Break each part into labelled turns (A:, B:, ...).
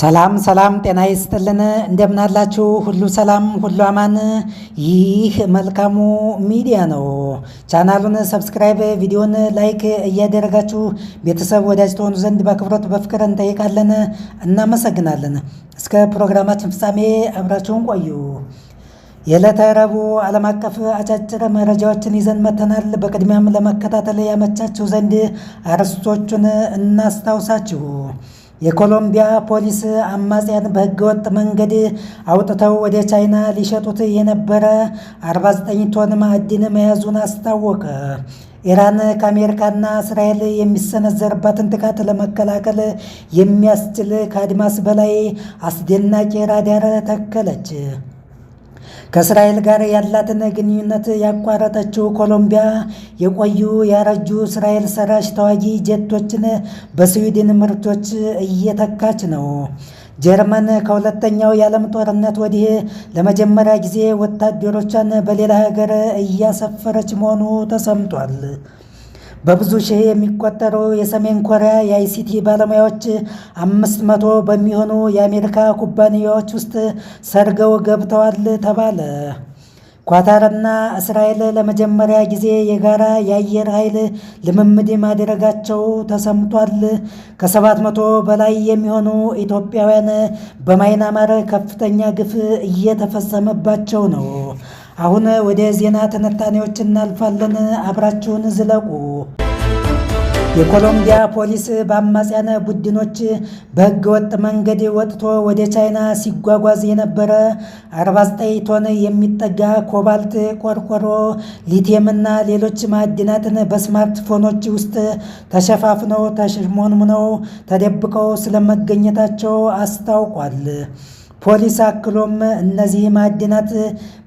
A: ሰላም ሰላም፣ ጤና ይስጥልን። እንደምናላችሁ ሁሉ ሰላም፣ ሁሉ አማን። ይህ መልካሙ ሚዲያ ነው። ቻናሉን ሰብስክራይብ፣ ቪዲዮን ላይክ እያደረጋችሁ ቤተሰብ ወዳጅ ተሆኑ ዘንድ በአክብሮት በፍቅር እንጠይቃለን። እናመሰግናለን። እስከ ፕሮግራማችን ፍጻሜ አብራችሁን ቆዩ። የዕለተ ረቡዕ ዓለም አቀፍ አጫጭር መረጃዎችን ይዘን መተናል። በቅድሚያም ለመከታተል ያመቻችሁ ዘንድ አርዕስቶቹን እናስታውሳችሁ። የኮሎምቢያ ፖሊስ አማጽያን በህገወጥ መንገድ አውጥተው ወደ ቻይና ሊሸጡት የነበረ 49 ቶን ማዕድን መያዙን አስታወቀ። ኢራን ከአሜሪካና እስራኤል የሚሰነዘርባትን ጥቃት ለመከላከል የሚያስችል ከአድማስ በላይ አስደናቂ ራዳር ተከለች። ከእስራኤል ጋር ያላትን ግንኙነት ያቋረጠችው ኮሎምቢያ የቆዩ ያረጁ እስራኤል ሰራሽ ተዋጊ ጀቶችን በስዊድን ምርቶች እየተካች ነው። ጀርመን ከሁለተኛው የዓለም ጦርነት ወዲህ ለመጀመሪያ ጊዜ ወታደሮቿን በሌላ ሀገር እያሰፈረች መሆኑ ተሰምቷል። በብዙ ሺህ የሚቆጠሩ የሰሜን ኮሪያ የአይሲቲ ባለሙያዎች አምስት መቶ በሚሆኑ የአሜሪካ ኩባንያዎች ውስጥ ሰርገው ገብተዋል ተባለ። ኳታርና እስራኤል ለመጀመሪያ ጊዜ የጋራ የአየር ኃይል ልምምድ ማድረጋቸው ተሰምቷል። ከሰባት መቶ በላይ የሚሆኑ ኢትዮጵያውያን በማይናማር ከፍተኛ ግፍ እየተፈጸመባቸው ነው። አሁን ወደ ዜና ትንታኔዎች እናልፋለን። አብራችሁን ዝለቁ። የኮሎምቢያ ፖሊስ በአማጽያን ቡድኖች ወጥ መንገድ ወጥቶ ወደ ቻይና ሲጓጓዝ የነበረ 49 ቶን የሚጠጋ ኮባልት፣ ቆርቆሮ፣ ሊቲየምና ሌሎች ማዕድናትን በስማርትፎኖች ውስጥ ተሸፋፍነው ተሽሞንሙነው ተደብቀው ስለመገኘታቸው አስታውቋል። ፖሊስ አክሎም እነዚህ ማዕድናት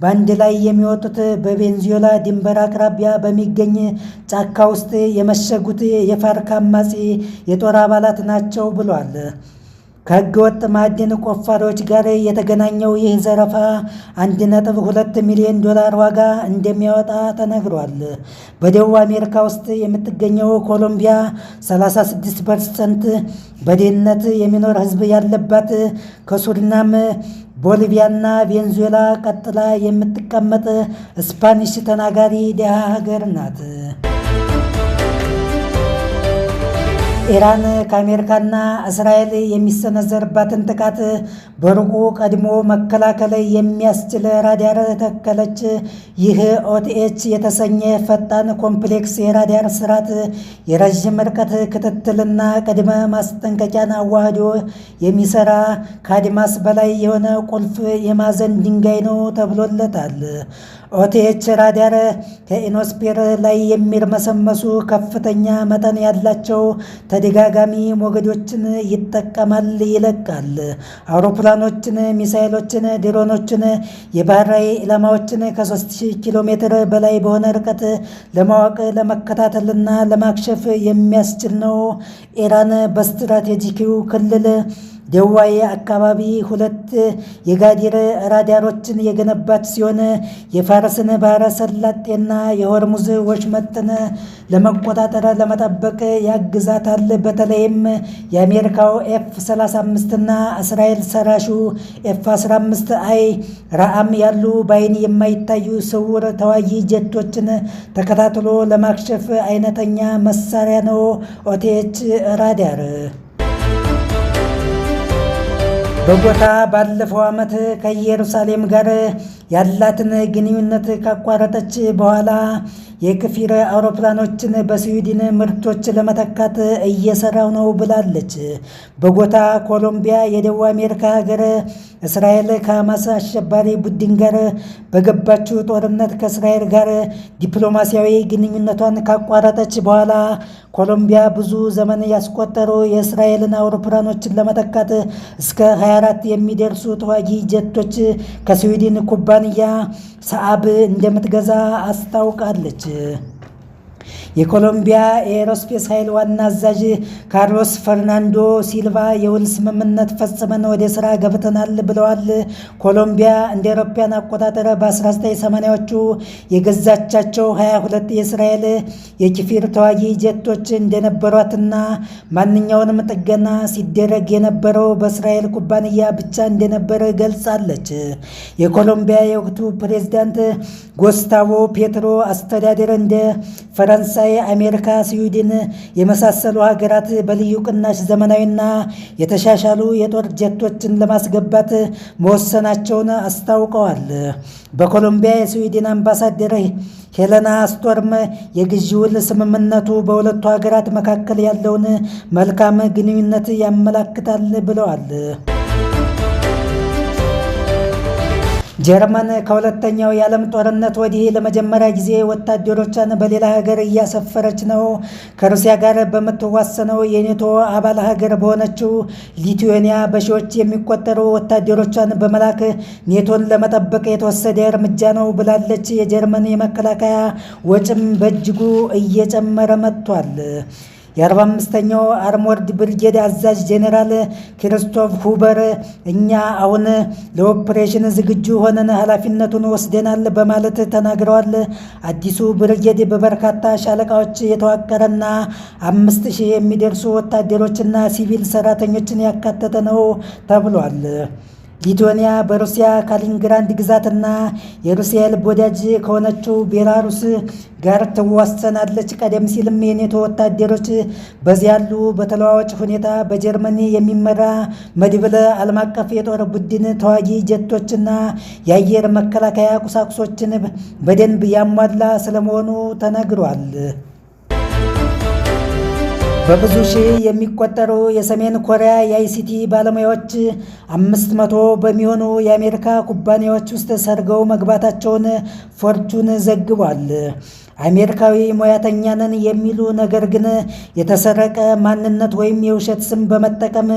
A: በአንድ ላይ የሚወጡት በቬንዙዌላ ድንበር አቅራቢያ በሚገኝ ጫካ ውስጥ የመሸጉት የፋርክ አማጺ የጦር አባላት ናቸው ብሏል። ከህገወጥ ማዕድን ቆፋሪዎች ጋር የተገናኘው ይህ ዘረፋ 1.2 ሚሊዮን ዶላር ዋጋ እንደሚያወጣ ተነግሯል። በደቡብ አሜሪካ ውስጥ የምትገኘው ኮሎምቢያ 36 ፐርሰንት በድህነት የሚኖር ህዝብ ያለባት ከሱሪናም ቦሊቪያና ቬንዙዌላ ቀጥላ የምትቀመጥ ስፓኒሽ ተናጋሪ ድሃ ሀገር ናት። ኢራን ከአሜሪካና እስራኤል የሚሰነዘርባትን ጥቃት በሩቁ ቀድሞ መከላከል የሚያስችል ራዳር ተከለች። ይህ ኦቲኤች የተሰኘ ፈጣን ኮምፕሌክስ የራዳር ስርዓት የረዥም ርቀት ክትትልና ቅድመ ማስጠንቀቂያን አዋህዶ የሚሰራ ከአድማስ በላይ የሆነ ቁልፍ የማዕዘን ድንጋይ ነው ተብሎለታል። ኦቲኤች ራዳር ከኢኖስፔር ላይ የሚርመሰመሱ ከፍተኛ መጠን ያላቸው ተደጋጋሚ ሞገዶችን ይጠቀማል፣ ይለቃል። አውሮፕላኖችን፣ ሚሳይሎችን፣ ድሮኖችን፣ የባህር ላይ ኢላማዎችን ከ3000 ኪሎ ሜትር በላይ በሆነ ርቀት ለማወቅ ለመከታተልና ለማክሸፍ የሚያስችል ነው። ኢራን በስትራቴጂኪው ክልል ደዋዬ አካባቢ ሁለት የጋዲር ራዳሮችን የገነባች ሲሆን የፋርስን ባህረ ሰላጤና የሆርሙዝ ወሽመጥን ለመቆጣጠር ለመጠበቅ ያግዛታል። በተለይም የአሜሪካው ኤፍ 35ና እስራኤል ሰራሹ ኤፍ 15 አይ ራአም ያሉ በአይን የማይታዩ ስውር ተዋጊ ጀቶችን ተከታትሎ ለማክሸፍ አይነተኛ መሳሪያ ነው ኦቴች ራዳር። በጎታ ባለፈው ዓመት ከኢየሩሳሌም ጋር ያላትን ግንኙነት ካቋረጠች በኋላ የክፊር አውሮፕላኖችን በስዊድን ምርቶች ለመተካት እየሰራው ነው ብላለች። በጎታ ኮሎምቢያ የደቡብ አሜሪካ ሀገር እስራኤል ከሐማስ አሸባሪ ቡድን ጋር በገባችው ጦርነት ከእስራኤል ጋር ዲፕሎማሲያዊ ግንኙነቷን ካቋረጠች በኋላ ኮሎምቢያ ብዙ ዘመን ያስቆጠሩ የእስራኤልን አውሮፕላኖችን ለመተካት እስከ 24 የሚደርሱ ተዋጊ ጀቶች ከስዊድን ኩባንያ ሰአብ እንደምትገዛ አስታውቃለች። 对。የኮሎምቢያ ኤሮስፔስ ኃይል ዋና አዛዥ ካርሎስ ፈርናንዶ ሲልቫ የውል ስምምነት ፈጽመን ወደ ስራ ገብተናል ብለዋል። ኮሎምቢያ እንደ አውሮፓውያን አቆጣጠር በ1980ዎቹ የገዛቻቸው 22 የእስራኤል የኪፊር ተዋጊ ጀቶች እንደነበሯትና ማንኛውንም ጥገና ሲደረግ የነበረው በእስራኤል ኩባንያ ብቻ እንደነበረ ገልጻለች። የኮሎምቢያ የወቅቱ ፕሬዝዳንት ጎስታቮ ፔትሮ አስተዳደር እንደ ፈረንሳይ አሜሪካ፣ ስዊድን የመሳሰሉ ሀገራት በልዩ ቅናሽ ዘመናዊና የተሻሻሉ የጦር ጀቶችን ለማስገባት መወሰናቸውን አስታውቀዋል። በኮሎምቢያ የስዊድን አምባሳደር ሄለና ስቶርም የግዢ ውል ስምምነቱ በሁለቱ ሀገራት መካከል ያለውን መልካም ግንኙነት ያመላክታል ብለዋል። ጀርመን ከሁለተኛው የዓለም ጦርነት ወዲህ ለመጀመሪያ ጊዜ ወታደሮቿን በሌላ ሀገር እያሰፈረች ነው። ከሩሲያ ጋር በምትዋሰነው የኔቶ አባል ሀገር በሆነችው ሊቱዌኒያ በሺዎች የሚቆጠሩ ወታደሮቿን በመላክ ኔቶን ለመጠበቅ የተወሰደ እርምጃ ነው ብላለች። የጀርመን የመከላከያ ወጪም በእጅጉ እየጨመረ መጥቷል። የ45ኛው አርሞርድ ብርጌድ አዛዥ ጄኔራል ክሪስቶፍ ሁበር እኛ አሁን ለኦፕሬሽን ዝግጁ ሆነን ኃላፊነቱን ወስደናል በማለት ተናግረዋል። አዲሱ ብርጌድ በበርካታ ሻለቃዎች የተዋቀረና አምስት ሺህ የሚደርሱ ወታደሮችና ሲቪል ሰራተኞችን ያካተተ ነው ተብሏል። ሊቶኒያ በሩሲያ ካሊንግራንድ ግዛትና የሩሲያ ልብ ወዳጅ ከሆነችው ቤላሩስ ጋር ትዋሰናለች። ቀደም ሲልም የኔቶ ወታደሮች በዚህ ያሉ በተለዋዋጭ ሁኔታ በጀርመኒ የሚመራ መድብለ ዓለም አቀፍ የጦር ቡድን ተዋጊ ጀቶችና የአየር መከላከያ ቁሳቁሶችን በደንብ ያሟላ ስለመሆኑ ተነግሯል። በብዙ ሺህ የሚቆጠሩ የሰሜን ኮሪያ የአይሲቲ ባለሙያዎች አምስት መቶ በሚሆኑ የአሜሪካ ኩባንያዎች ውስጥ ሰርገው መግባታቸውን ፎርቹን ዘግቧል። አሜሪካዊ ሙያተኛ ነን የሚሉ ነገር ግን የተሰረቀ ማንነት ወይም የውሸት ስም በመጠቀም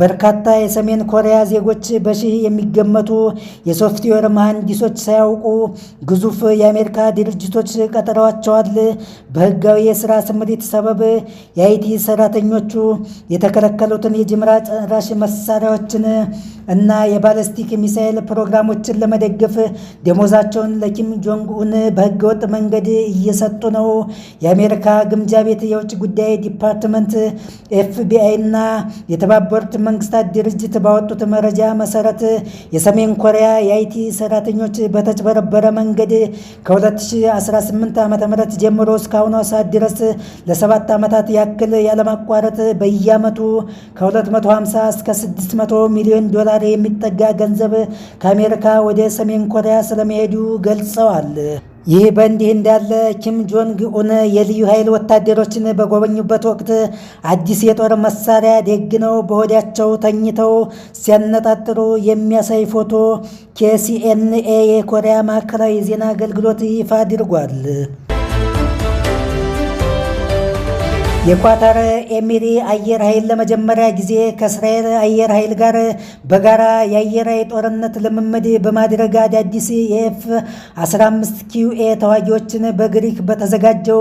A: በርካታ የሰሜን ኮሪያ ዜጎች በሺህ የሚገመቱ የሶፍትዌር መሐንዲሶች ሳያውቁ ግዙፍ የአሜሪካ ድርጅቶች ቀጥረዋቸዋል። በህጋዊ የስራ ስምሪት ሰበብ የአይቲ ሰራተኞቹ የተከለከሉትን የጅምላ ጨራሽ መሳሪያዎችን እና የባለስቲክ ሚሳኤል ፕሮግራሞችን ለመደገፍ ደሞዛቸውን ለኪም ጆንግ ኡን በህገወጥ መንገድ እየሰጡ ነው። የአሜሪካ ግምጃ ቤት የውጭ ጉዳይ ዲፓርትመንት ኤፍቢአይ እና የተባበሩት መንግስታት ድርጅት ባወጡት መረጃ መሰረት የሰሜን ኮሪያ የአይቲ ሰራተኞች በተጭበረበረ መንገድ ከ2018 ዓ ም ጀምሮ እስካሁኑ ሰዓት ድረስ ለሰባት ዓመታት ያክል ያለማቋረጥ በየአመቱ ከ250 እስከ 600 ሚሊዮን ዶላር ካሬ የሚጠጋ ገንዘብ ከአሜሪካ ወደ ሰሜን ኮሪያ ስለመሄዱ ገልጸዋል። ይህ በእንዲህ እንዳለ ኪም ጆንግ ኡን የልዩ ኃይል ወታደሮችን በጎበኙበት ወቅት አዲስ የጦር መሳሪያ ደግነው በሆዳቸው ተኝተው ሲያነጣጥሩ የሚያሳይ ፎቶ ኬሲኤንኤ የኮሪያ ማዕከላዊ ዜና አገልግሎት ይፋ አድርጓል። የኳታር ኤሚሪ አየር ኃይል ለመጀመሪያ ጊዜ ከእስራኤል አየር ኃይል ጋር በጋራ የአየር ጦርነት ልምምድ በማድረግ አዳዲስ የኤፍ 15 ኪውኤ ተዋጊዎችን በግሪክ በተዘጋጀው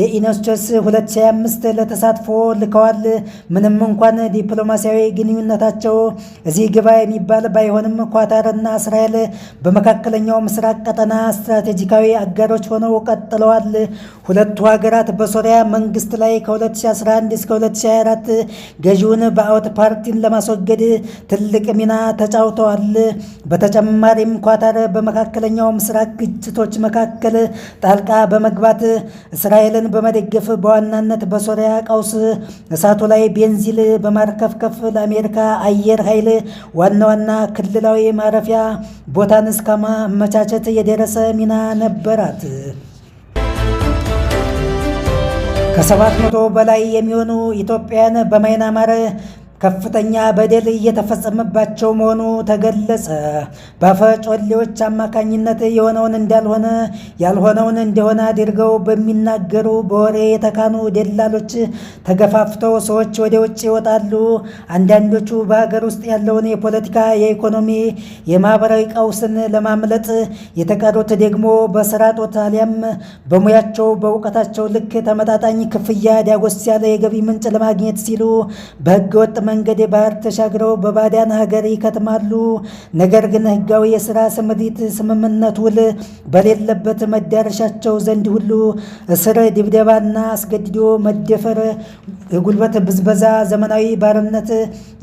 A: የኢነስቸስ 2025 ለተሳትፎ ልከዋል። ምንም እንኳን ዲፕሎማሲያዊ ግንኙነታቸው እዚህ ግባ የሚባል ባይሆንም ኳታርና እስራኤል በመካከለኛው ምስራቅ ቀጠና ስትራቴጂካዊ አጋሮች ሆነው ቀጥለዋል። ሁለቱ ሀገራት በሶሪያ መንግስት ላይ 2011 እስከ 2024 ገዢውን በአውት ፓርቲን ለማስወገድ ትልቅ ሚና ተጫውተዋል። በተጨማሪም ኳታር በመካከለኛው ምስራቅ ግጭቶች መካከል ጣልቃ በመግባት እስራኤልን በመደገፍ በዋናነት በሶሪያ ቀውስ እሳቱ ላይ ቤንዚል በማርከፍከፍ ለአሜሪካ አየር ኃይል ዋና ዋና ክልላዊ ማረፊያ ቦታን እስከማመቻቸት የደረሰ ሚና ነበራት። ከሰባት መቶ በላይ የሚሆኑ ኢትዮጵያን በማይናማር ከፍተኛ በደል እየተፈጸመባቸው መሆኑ ተገለጸ። በአፈጮሌዎች አማካኝነት የሆነውን እንዳልሆነ ያልሆነውን እንደሆነ አድርገው በሚናገሩ በወሬ የተካኑ ደላሎች ተገፋፍተው ሰዎች ወደ ውጭ ይወጣሉ። አንዳንዶቹ በሀገር ውስጥ ያለውን የፖለቲካ፣ የኢኮኖሚ፣ የማህበራዊ ቀውስን ለማምለጥ፣ የተቀሩት ደግሞ በስራ ጦት አሊያም በሙያቸው በእውቀታቸው ልክ ተመጣጣኝ ክፍያ ዳጎስ ያለ የገቢ ምንጭ ለማግኘት ሲሉ በህገወጥ መንገድ የባህር ተሻግረው በባዳን ሀገር ይከትማሉ። ነገር ግን ህጋዊ የስራ ስምሪት ስምምነት ውል በሌለበት መዳረሻቸው ዘንድ ሁሉ እስር፣ ድብደባና አስገድዶ መደፈር፣ የጉልበት ብዝበዛ፣ ዘመናዊ ባርነት፣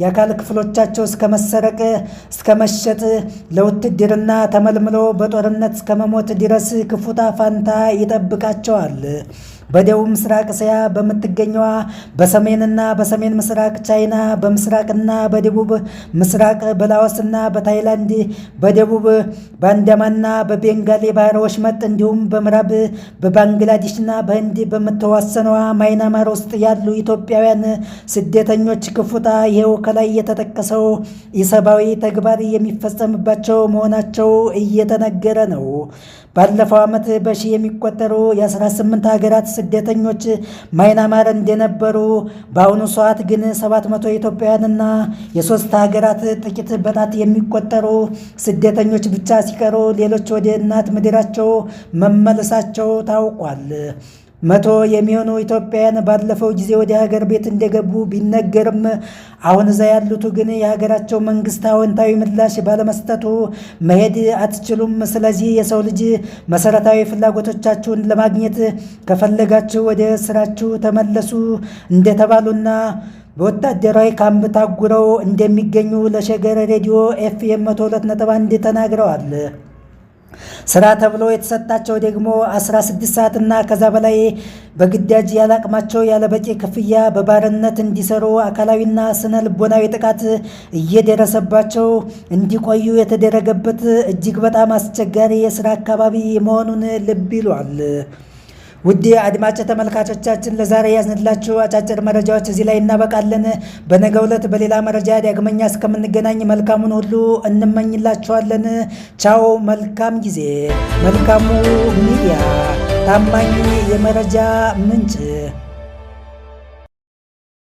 A: የአካል ክፍሎቻቸው እስከ መሰረቅ፣ እስከ መሸጥ፣ ለውትድርና ተመልምለው በጦርነት እስከ መሞት ድረስ ክፉታ ፋንታ ይጠብቃቸዋል። በደቡብ ምስራቅ እስያ በምትገኘዋ በሰሜንና በሰሜን ምስራቅ ቻይና በምስራቅና በደቡብ ምስራቅ በላወስና በታይላንድ በደቡብ በአንዳማና በቤንጋሌ ባህረ ወሽመጥ እንዲሁም በምዕራብ በባንግላዴሽና በህንድ በምትዋሰነዋ ማይናማር ውስጥ ያሉ ኢትዮጵያውያን ስደተኞች ክፉታ ይኸው ከላይ የተጠቀሰው ኢሰብአዊ ተግባር የሚፈጸምባቸው መሆናቸው እየተነገረ ነው። ባለፈው ዓመት በሺህ የሚቆጠሩ የ18 ሀገራት ስደተኞች ማይናማር እንደነበሩ በአሁኑ ሰዓት ግን 700 ኢትዮጵያውያንና የሶስት ሀገራት ጥቂት በጣት የሚቆጠሩ ስደተኞች ብቻ ሲቀሩ ሌሎች ወደ እናት ምድራቸው መመለሳቸው ታውቋል። መቶ የሚሆኑ ኢትዮጵያውያን ባለፈው ጊዜ ወደ ሀገር ቤት እንደገቡ ቢነገርም አሁን እዛ ያሉት ግን የሀገራቸው መንግስት አዎንታዊ ምላሽ ባለመስጠቱ መሄድ አትችሉም፣ ስለዚህ የሰው ልጅ መሰረታዊ ፍላጎቶቻችሁን ለማግኘት ከፈለጋችሁ ወደ ስራችሁ ተመለሱ እንደተባሉና በወታደራዊ ካምፕ ታጉረው እንደሚገኙ ለሸገር ሬዲዮ ኤፍኤም መቶ ሁለት ነጥብ አንድ ተናግረዋል። ስራ ተብሎ የተሰጣቸው ደግሞ 16 ሰዓት እና ከዛ በላይ በግዳጅ ያላቅማቸው ያለበቂ ክፍያ በባርነት እንዲሰሩ አካላዊና ስነ ልቦናዊ ጥቃት እየደረሰባቸው እንዲቆዩ የተደረገበት እጅግ በጣም አስቸጋሪ የስራ አካባቢ መሆኑን ልብ ይሏል። ውድ አድማጭ ተመልካቾቻችን ለዛሬ ያዝንላችሁ አጫጭር መረጃዎች እዚህ ላይ እናበቃለን። በነገ ዕለት በሌላ መረጃ ዳግመኛ እስከምንገናኝ መልካሙን ሁሉ እንመኝላችኋለን። ቻው። መልካም ጊዜ።
B: መልካሙ ሚዲያ ታማኝ የመረጃ ምንጭ